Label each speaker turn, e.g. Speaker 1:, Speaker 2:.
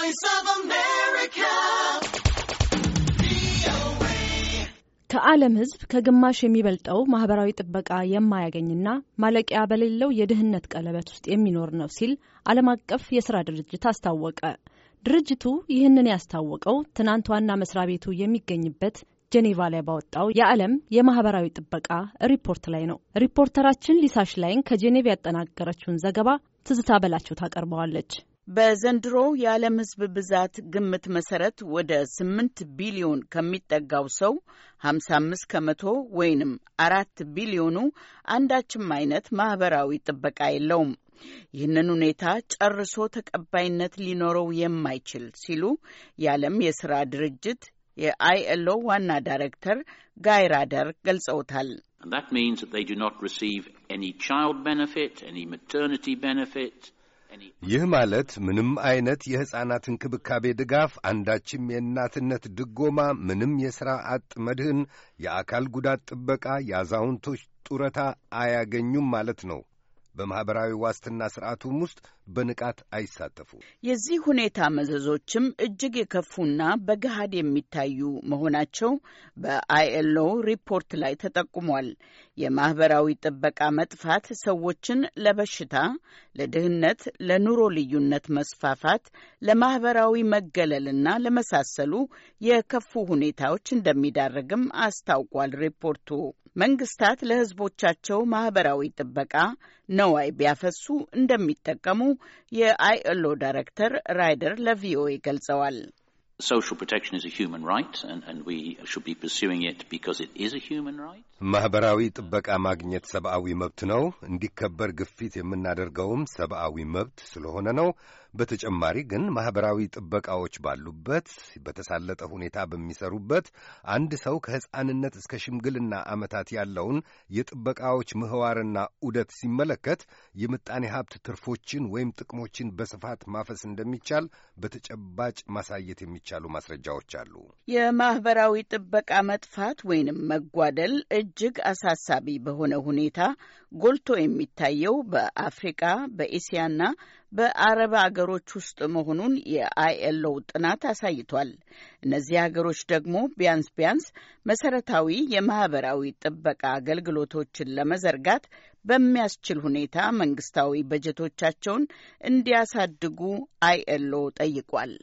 Speaker 1: voice of America.
Speaker 2: ከዓለም ሕዝብ ከግማሽ የሚበልጠው ማህበራዊ ጥበቃ የማያገኝና ማለቂያ በሌለው የድህነት ቀለበት ውስጥ የሚኖር ነው ሲል ዓለም አቀፍ የስራ ድርጅት አስታወቀ። ድርጅቱ ይህንን ያስታወቀው ትናንት ዋና መስሪያ ቤቱ የሚገኝበት ጄኔቫ ላይ ባወጣው የዓለም የማህበራዊ ጥበቃ ሪፖርት ላይ ነው። ሪፖርተራችን ሊሳሽ ላይን ከጄኔቭ ያጠናቀረችውን ዘገባ ትዝታ በላቸው ታቀርበዋለች።
Speaker 1: በዘንድሮ የዓለም ሕዝብ ብዛት ግምት መሰረት ወደ 8 ቢሊዮን ከሚጠጋው ሰው 55 ከመቶ ወይንም አራት ቢሊዮኑ አንዳችም አይነት ማኅበራዊ ጥበቃ የለውም። ይህንን ሁኔታ ጨርሶ ተቀባይነት ሊኖረው የማይችል ሲሉ የዓለም የሥራ ድርጅት የአይኤልኦ ዋና ዳይሬክተር ጋይ ራደር ገልጸውታል።
Speaker 3: that means that they do not receive any child benefit, any maternity benefit.
Speaker 4: ይህ ማለት ምንም አይነት የሕፃናት እንክብካቤ ድጋፍ፣ አንዳችም የእናትነት ድጎማ፣ ምንም የሥራ አጥ መድህን፣ የአካል ጉዳት ጥበቃ፣ የአዛውንቶች ጡረታ አያገኙም ማለት ነው። በማኅበራዊ ዋስትና ሥርዓቱም ውስጥ በንቃት አይሳተፉ።
Speaker 1: የዚህ ሁኔታ መዘዞችም እጅግ የከፉና በገሃድ የሚታዩ መሆናቸው በአይኤልኦ ሪፖርት ላይ ተጠቁሟል። የማህበራዊ ጥበቃ መጥፋት ሰዎችን ለበሽታ፣ ለድህነት፣ ለኑሮ ልዩነት መስፋፋት፣ ለማህበራዊ መገለልና ለመሳሰሉ የከፉ ሁኔታዎች እንደሚዳረግም አስታውቋል ሪፖርቱ። መንግስታት ለህዝቦቻቸው ማህበራዊ ጥበቃ ነዋይ ቢያፈሱ እንደሚጠቀሙ የአይኤልኦ ዳይሬክተር ራይደር ለቪኦኤ ገልጸዋል።
Speaker 4: ማህበራዊ ጥበቃ ማግኘት ሰብአዊ መብት ነው። እንዲከበር ግፊት የምናደርገውም ሰብአዊ መብት ስለሆነ ነው። በተጨማሪ ግን ማህበራዊ ጥበቃዎች ባሉበት በተሳለጠ ሁኔታ በሚሰሩበት አንድ ሰው ከሕፃንነት እስከ ሽምግልና ዓመታት ያለውን የጥበቃዎች ምህዋርና ዑደት ሲመለከት የምጣኔ ሀብት ትርፎችን ወይም ጥቅሞችን በስፋት ማፈስ እንደሚቻል በተጨባጭ ማሳየት የሚቻል ያሉ ማስረጃዎች አሉ።
Speaker 1: የማህበራዊ ጥበቃ መጥፋት ወይንም መጓደል እጅግ አሳሳቢ በሆነ ሁኔታ ጎልቶ የሚታየው በአፍሪቃ በኤስያና በአረብ አገሮች ውስጥ መሆኑን የአይኤልኦው ጥናት አሳይቷል። እነዚህ ሀገሮች ደግሞ ቢያንስ ቢያንስ መሰረታዊ የማህበራዊ ጥበቃ አገልግሎቶችን ለመዘርጋት በሚያስችል ሁኔታ መንግስታዊ በጀቶቻቸውን እንዲያሳድጉ አይኤልኦ ጠይቋል።